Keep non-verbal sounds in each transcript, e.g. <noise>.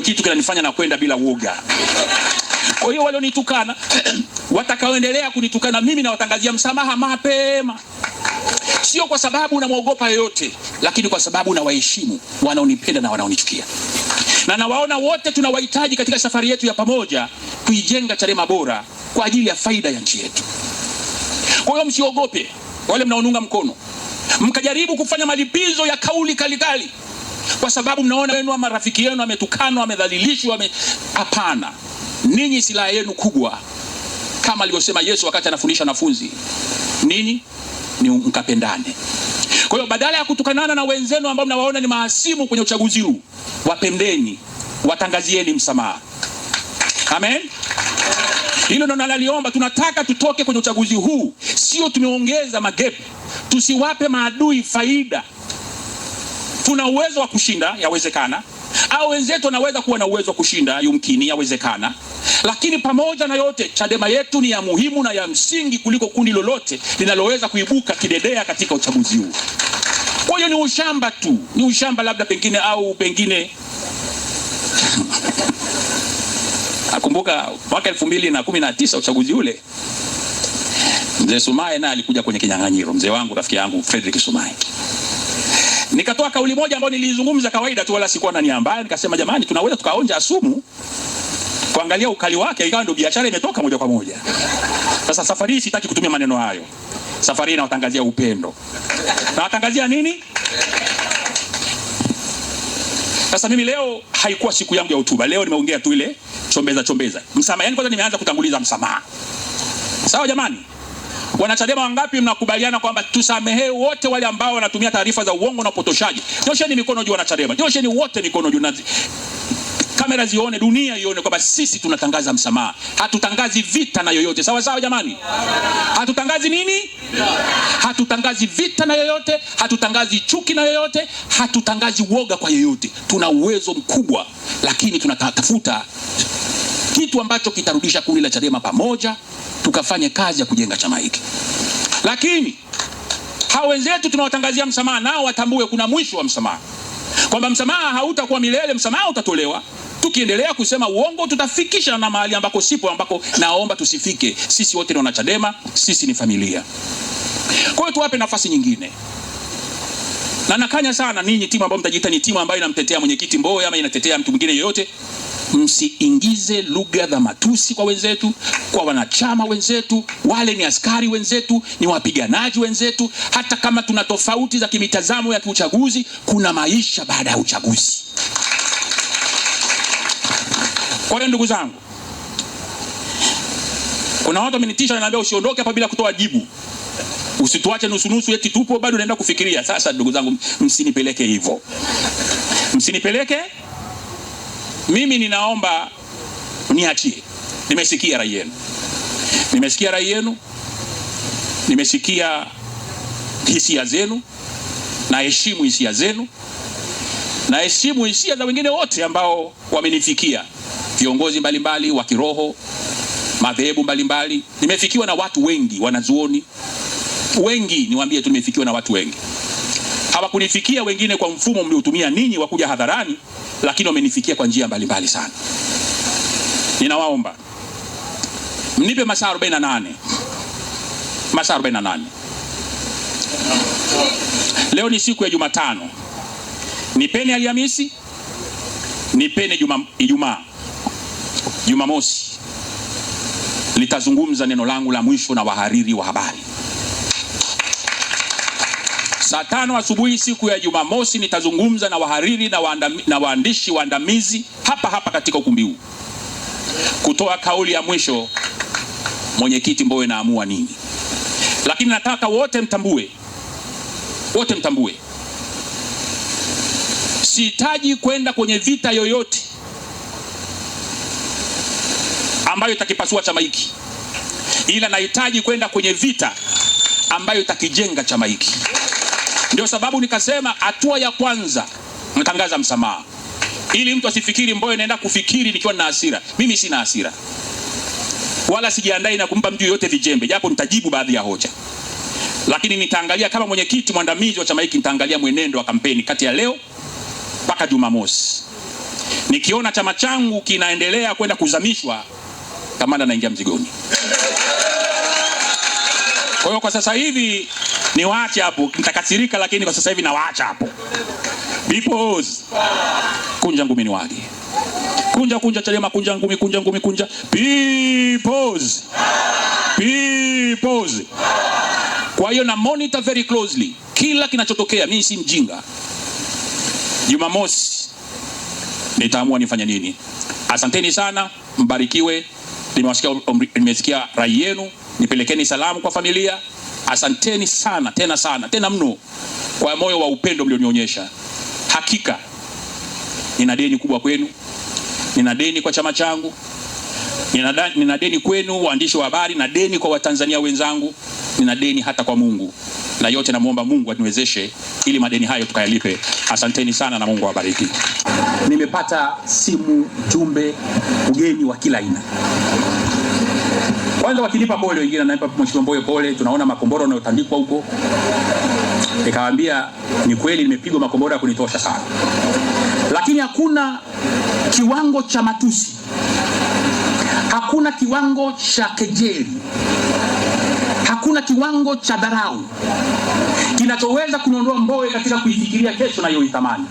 ndio kitu kinanifanya na kwenda bila uoga. Kwa hiyo walionitukana <clears throat> watakaoendelea kunitukana mimi nawatangazia msamaha mapema, sio kwa sababu namwogopa yoyote, lakini kwa sababu nawaheshimu wanaonipenda na wanaonichukia, na nawaona wote tunawahitaji katika safari yetu ya pamoja kuijenga Chadema bora kwa ajili ya faida ya nchi yetu. Kwa hiyo msiogope wale mnaonunga mkono, mkajaribu kufanya malipizo ya kauli kalikali kwa sababu mnaona wenu ama rafiki yenu ametukanwa, amedhalilishwa, ame... Hapana, ninyi silaha yenu kubwa kama alivyosema Yesu wakati anafundisha wanafunzi nini, ni mkapendane. Kwa hiyo badala ya kutukanana na wenzenu ambao mnawaona ni mahasimu kwenye uchaguzi huu, wapendeni, watangazieni msamaha. Amen. Hilo ndo naliomba. Tunataka tutoke kwenye uchaguzi huu, sio tumeongeza magepu. Tusiwape maadui faida tuna uwezo wa kushinda, yawezekana, au wenzetu wanaweza kuwa na uwezo wa kushinda, yumkini, yawezekana. Lakini pamoja na yote, Chadema yetu ni ya muhimu na ya msingi kuliko kundi lolote linaloweza kuibuka kidedea katika uchaguzi huu. Kwa hiyo ni ushamba tu, ni ushamba labda pengine au pengine <laughs> Nakumbuka mwaka elfu mbili na kumi na tisa uchaguzi ule, mzee Sumaye naye alikuja kwenye kinyang'anyiro, mzee wangu, rafiki yangu Frederick Sumaye. Nikatoa kauli moja ambayo nilizungumza kawaida tu, wala sikuwa na nia mbaya. Nikasema jamani, tunaweza tukaonja sumu, kuangalia ukali wake, ikawa ndio biashara imetoka moja kwa moja. Sasa safari hii sitaki kutumia maneno hayo. Safari hii nawatangazia upendo, nawatangazia nini? Sasa mimi leo haikuwa siku yangu ya hotuba. Leo nimeongea tu ile chombeza chombeza msamaha, yani kwanza nimeanza kutanguliza msamaha. Sawa jamani. Wanachadema wangapi mnakubaliana kwamba tusamehee wote wale ambao wanatumia taarifa za uongo na upotoshaji? Nyosheni mikono juu, wanachadema, nyosheni wote mikono juu, kamera zione, dunia ione kwamba sisi tunatangaza msamaha. Hatutangazi vita na yoyote, sawa sawa jamani? Hatutangazi nini? Hatutangazi vita na yoyote, hatutangazi chuki na yoyote, hatutangazi woga kwa yoyote. Tuna uwezo mkubwa, lakini tunatafuta kitu ambacho kitarudisha kundi la Chadema pamoja tukafanye kazi ya kujenga chama hiki. Lakini hao wenzetu tunawatangazia msamaha, nao watambue kuna mwisho wa msamaha, kwamba msamaha hautakuwa milele, msamaha utatolewa. Tukiendelea kusema uongo, tutafikisha na mahali ambako sipo, ambako naomba tusifike. Sisi wote ni wanachadema, sisi ni familia. Kwa hiyo tuwape nafasi nyingine na nakanya sana ninyi timu ambayo mtajiita ni timu ambayo inamtetea mwenyekiti Mbowe ama inatetea mtu mwingine yoyote msiingize lugha za matusi kwa wenzetu, kwa wanachama wenzetu. Wale ni askari wenzetu, ni wapiganaji wenzetu. Hata kama tuna tofauti za kimitazamo ya kiuchaguzi, kuna maisha baada ya uchaguzi. Kwa hiyo ndugu zangu, kuna watu wamenitisha, wananiambia usiondoke hapa bila kutoa jibu, usituache nusunusu, eti tupo bado naenda kufikiria. Sasa ndugu zangu, msinipeleke hivyo, msinipeleke mimi ninaomba niachie. Nimesikia rai yenu, nimesikia rai yenu, nimesikia hisia zenu, na hisia zenu, na hisia za wengine wote ambao wamenifikia, viongozi mbalimbali wa kiroho, madhehebu mbalimbali. Nimefikiwa na watu wengi, wanazuoni wengi, niwaambie tu, nimefikiwa na watu wengi. Hawakunifikia wengine kwa mfumo mliotumia ninyi wa kuja hadharani lakini wamenifikia kwa njia mbalimbali sana. Ninawaomba mnipe masaa 48, masaa 48. Leo ni siku ya Jumatano, nipeni Alhamisi, nipeni Ijumaa, Ijumaa, Jumamosi litazungumza neno langu la mwisho na wahariri wa habari saa tano asubuhi siku ya Jumamosi nitazungumza na wahariri na, waandami, na waandishi waandamizi hapa hapa katika ukumbi huu kutoa kauli ya mwisho, mwenyekiti Mbowe naamua nini. Lakini nataka wote mtambue, wote mtambue, sihitaji kwenda kwenye vita yoyote ambayo itakipasua chama hiki, ila nahitaji kwenda kwenye vita ambayo itakijenga chama hiki. Ndio sababu nikasema hatua ya kwanza natangaza msamaha, ili mtu asifikiri Mbowe naenda kufikiri nikiwa na hasira. Mimi sina hasira wala sijiandai na kumpa mtu yoyote vijembe, japo nitajibu baadhi ya hoja, lakini nitaangalia kama mwenyekiti mwandamizi wa chama hiki, nitaangalia mwenendo wa kampeni kati ya leo mpaka Jumamosi. Nikiona chama changu kinaendelea kwenda kuzamishwa, kamanda naingia mzigoni. Kwa hiyo kwa sasa hivi niwaache hapo, nitakasirika, lakini kwa sasa hivi nawaacha hapo. Peoples, kunja ngumi ni niwaage. Kunja kunja Chadema, kunja ngumi, kunja ngumi, kunja. Peoples, peoples. Kwa hiyo na monitor very closely kila kinachotokea. Mimi si mjinga. Jumamosi nitaamua nifanye nini. Asanteni sana, mbarikiwe. Nimewasikia, nimesikia rai yenu, nipelekeni salamu kwa familia. Asanteni sana tena sana tena mno kwa moyo wa upendo mlionionyesha. Hakika nina deni kubwa kwenu, nina deni kwa chama changu, nina deni kwenu waandishi wa habari, na deni kwa Watanzania wenzangu, nina deni hata kwa Mungu, na yote namwomba Mungu atuwezeshe ili madeni hayo tukayalipe. Asanteni sana na Mungu awabariki. Nimepata simu, jumbe, ugeni wa kila aina. Kwanza wakinipa pole, wengine naipa Mheshimiwa Mbowe pole, tunaona makombora yanayotandikwa huko. Nikawaambia ni kweli, nimepigwa makombora ya kunitosha sana, lakini hakuna kiwango cha matusi, hakuna kiwango cha kejeli, hakuna kiwango cha dharau kinachoweza kuniondoa Mbowe katika kuifikiria kesho nayoitamani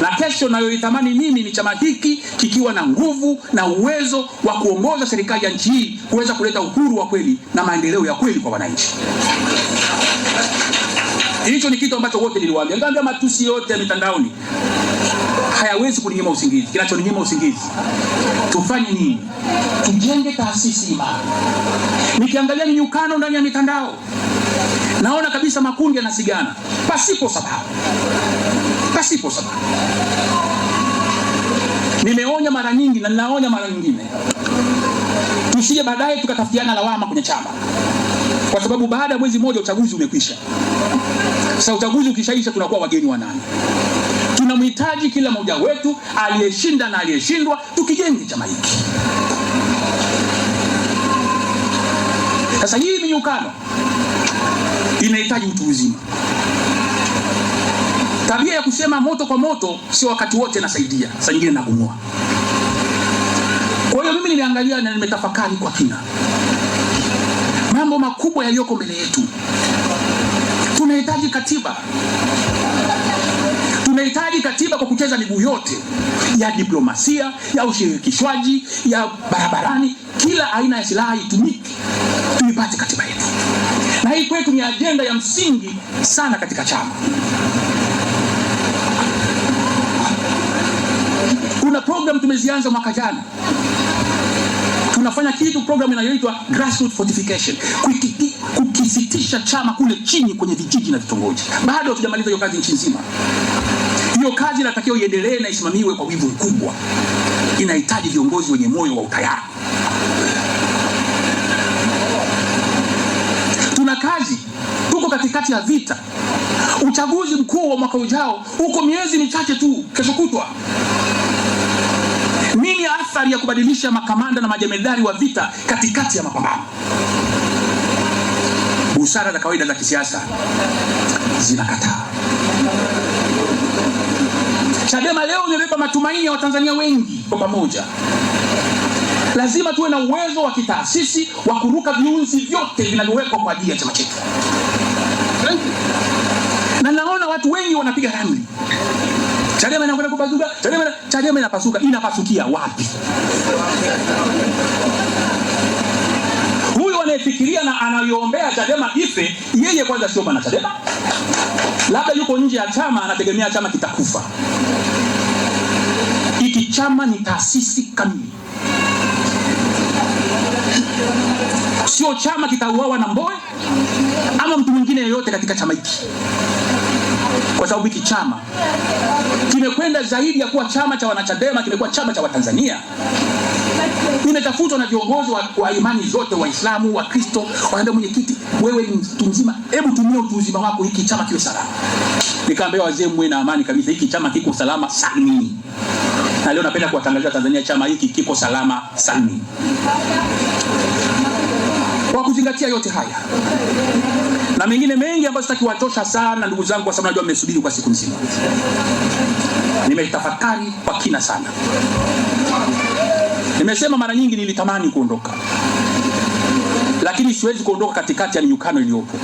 na kesho nayoitamani mimi ni chama hiki kikiwa na nguvu na uwezo wa kuongoza serikali ya nchi hii kuweza kuleta uhuru wa kweli na maendeleo ya kweli kwa wananchi. Hicho ni kitu ambacho wote niliwaambia, Ngambia matusi yote ya mitandaoni hayawezi kuninyima usingizi. Kinachoninyima usingizi, tufanye nini? Tujenge taasisi imara. Nikiangalia minyukano ndani ya mitandao, naona kabisa makundi yanasigana pasipo sababu pasipo sababu. Nimeonya mara nyingi na ninaonya mara nyingine, tusije baadaye tukatafutiana lawama kwenye chama, kwa sababu baada ya mwezi mmoja uchaguzi umekwisha. Sasa uchaguzi ukishaisha, tunakuwa wageni wa nani? Tunamhitaji kila mmoja wetu, aliyeshinda na aliyeshindwa, tukijenge chama hiki. Sasa hii minyukano inahitaji utu uzima. Tabia ya kusema moto kwa moto sio wakati wote nasaidia, saa nyingine nagumua. Kwa hiyo mimi nimeangalia na nimetafakari kwa kina mambo makubwa yaliyoko mbele yetu. Tunahitaji katiba, tunahitaji katiba kwa kucheza miguu yote ya diplomasia, ya ushirikishwaji, ya barabarani, kila aina ya silaha itumike, tuipate katiba yetu, na hii kwetu ni ajenda ya msingi sana katika chama. program tumezianza mwaka jana, tunafanya kitu program inayoitwa grassroots fortification, kukisitisha chama kule chini kwenye vijiji na vitongoji. Bado hatujamaliza hiyo kazi nchi nzima. Hiyo kazi inatakiwa iendelee na isimamiwe kwa wivu mkubwa. Inahitaji viongozi wenye moyo wa utayari. Tuna kazi, tuko katikati ya vita. Uchaguzi mkuu wa mwaka ujao uko miezi michache tu, kesho kutwa. Nini athari ya kubadilisha makamanda na majemadari wa vita katikati ya mapambano? Busara za kawaida za kisiasa zinakataa. Chadema leo imebeba matumaini ya Watanzania wengi kwa pamoja. Lazima tuwe na uwezo wa kitaasisi wa kuruka viunzi vyote vinavyowekwa kwa ajili ya chama chetu, na naona watu wengi wanapiga ramli. Chadema inakwenda kupasuka, Chadema na... Chadema inapasuka, inapasukia wapi? Huyo anayefikiria na anayombea Chadema ife, yeye kwanza sio mwana Chadema, labda yuko nje ya chama, anategemea chama kitakufa. iki chama ni taasisi kamili, sio chama kitauawa na Mbowe ama mtu mwingine yeyote katika chama hiki, kwa sababu iki chama kimekwenda zaidi ya kuwa chama cha wanachadema, kimekuwa chama cha Watanzania. Imetafutwa na viongozi wa, wa imani zote, Waislamu, Wakristo, wanaambia mwenyekiti, wewe ni mtu mzima, hebu tumie utu uzima wako hiki chama kiwe salama. Nikaambia wazee, mwe na amani kabisa, hiki chama kiko salama sani, na leo napenda kuwatangazia Tanzania, chama hiki kiko salama sani. Kwa kuzingatia yote haya na mengine mengi ambayo sitaki kuwachosha sana ndugu zangu, kwa sababu najua mmesubiri kwa siku nzima. Nimetafakari kwa kina sana. Nimesema mara nyingi nilitamani kuondoka, lakini siwezi kuondoka katikati ya minyukano iliyopo.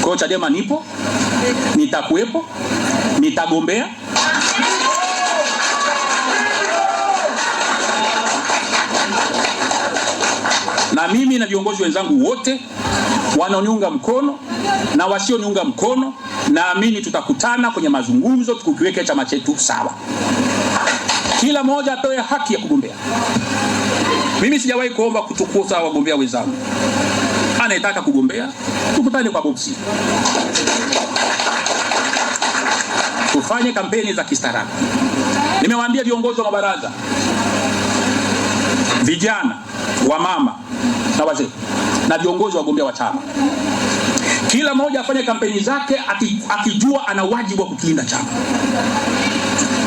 Kwa hiyo Chadema nipo, nitakuwepo, nitagombea na mimi na viongozi wenzangu wote wanaoniunga mkono na wasioniunga mkono. Naamini tutakutana kwenye mazungumzo tukikiweka chama chetu sawa, kila mmoja atoe haki ya kugombea. Mimi sijawahi kuomba kutukuza wagombea wenzangu. Anayetaka kugombea tukutane kwa boksi, tufanye kampeni za kistaarabu. Nimewaambia viongozi wa mabaraza, vijana, wamama na wazee na viongozi wagombea wa chama, kila mmoja afanye kampeni zake akijua ana wajibu wa kukilinda chama.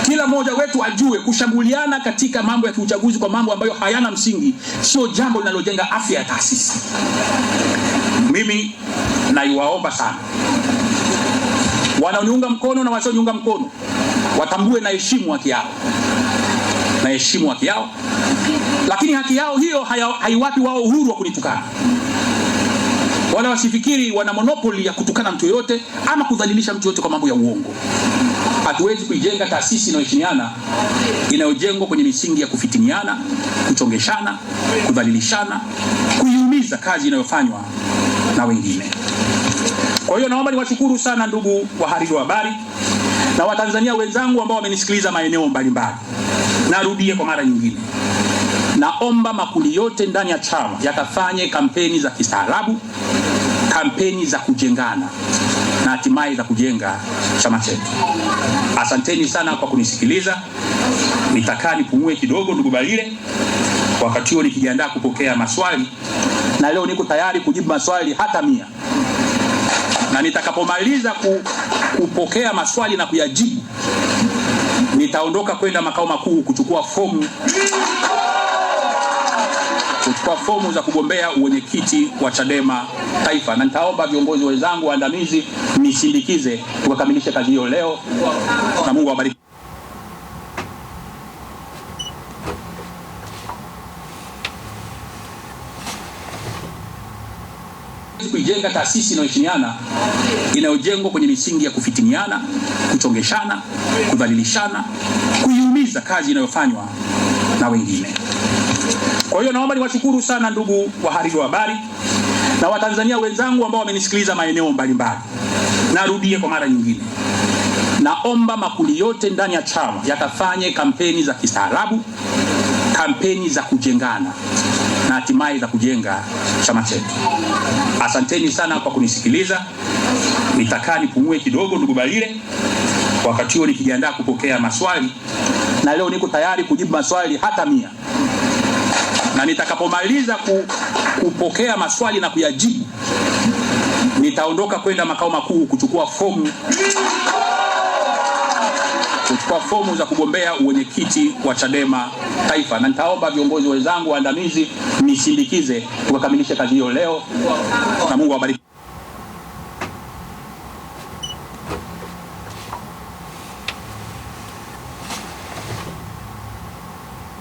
Kila mmoja wetu ajue kushambuliana katika mambo ya kiuchaguzi kwa mambo ambayo hayana msingi sio jambo linalojenga afya ya taasisi. Mimi naiwaomba sana wanaoniunga mkono na wasioniunga mkono watambue naheshimu haki yao, naheshimu haki yao, lakini haki yao hiyo haiwapi wao uhuru wa kunitukana wala wasifikiri wana monopoli ya kutukana mtu yoyote ama kudhalilisha mtu yoyote kwa mambo ya uongo. Hatuwezi kuijenga taasisi inayoheshimiana inayojengwa kwenye misingi ya kufitiniana, kuchongeshana, kudhalilishana, kuiumiza kazi inayofanywa na wengine. Kwa hiyo naomba niwashukuru sana ndugu wahariri wa habari na Watanzania wenzangu ambao wamenisikiliza maeneo mbalimbali. Narudie kwa mara nyingine, naomba makundi yote ndani ya chama yakafanye kampeni za kistaarabu kampeni za kujengana na hatimaye za kujenga chama chetu. Asanteni sana kwa kunisikiliza. Nitakaa nipumue kidogo, ndugu Balile, wakati huo nikijiandaa kupokea maswali, na leo niko tayari kujibu maswali hata mia, na nitakapomaliza ku, kupokea maswali na kuyajibu nitaondoka kwenda makao makuu kuchukua fomu kwa fomu za kugombea uwenyekiti wa Chadema Taifa, na nitaomba viongozi wenzangu waandamizi nisindikize tukakamilishe kazi hiyo leo, na Mungu awabariki. kuijenga taasisi inayoheshimiana inayojengwa kwenye misingi ya kufitiniana, kuchongeshana, kudhalilishana, kuiumiza kazi inayofanywa na wengine. Kwa hiyo naomba niwashukuru sana ndugu wahariri wa habari na Watanzania wenzangu ambao wamenisikiliza maeneo mbalimbali. Narudie kwa mara nyingine, naomba makundi yote ndani ya chama yakafanye kampeni za kistaarabu, kampeni za kujengana na hatimaye za kujenga chama chetu. Asanteni sana kwa kunisikiliza. Nitakaa nipumue kidogo, ndugu Balile, wakati huo nikijiandaa kupokea maswali, na leo niko tayari kujibu maswali hata mia na nitakapomaliza ku, kupokea maswali na kuyajibu nitaondoka kwenda makao makuu kuchukua fomu kuchukua fomu za kugombea uwenyekiti wa Chadema Taifa, na nitaomba viongozi wenzangu waandamizi nisindikize tukakamilishe kazi hiyo leo, na Mungu awabariki.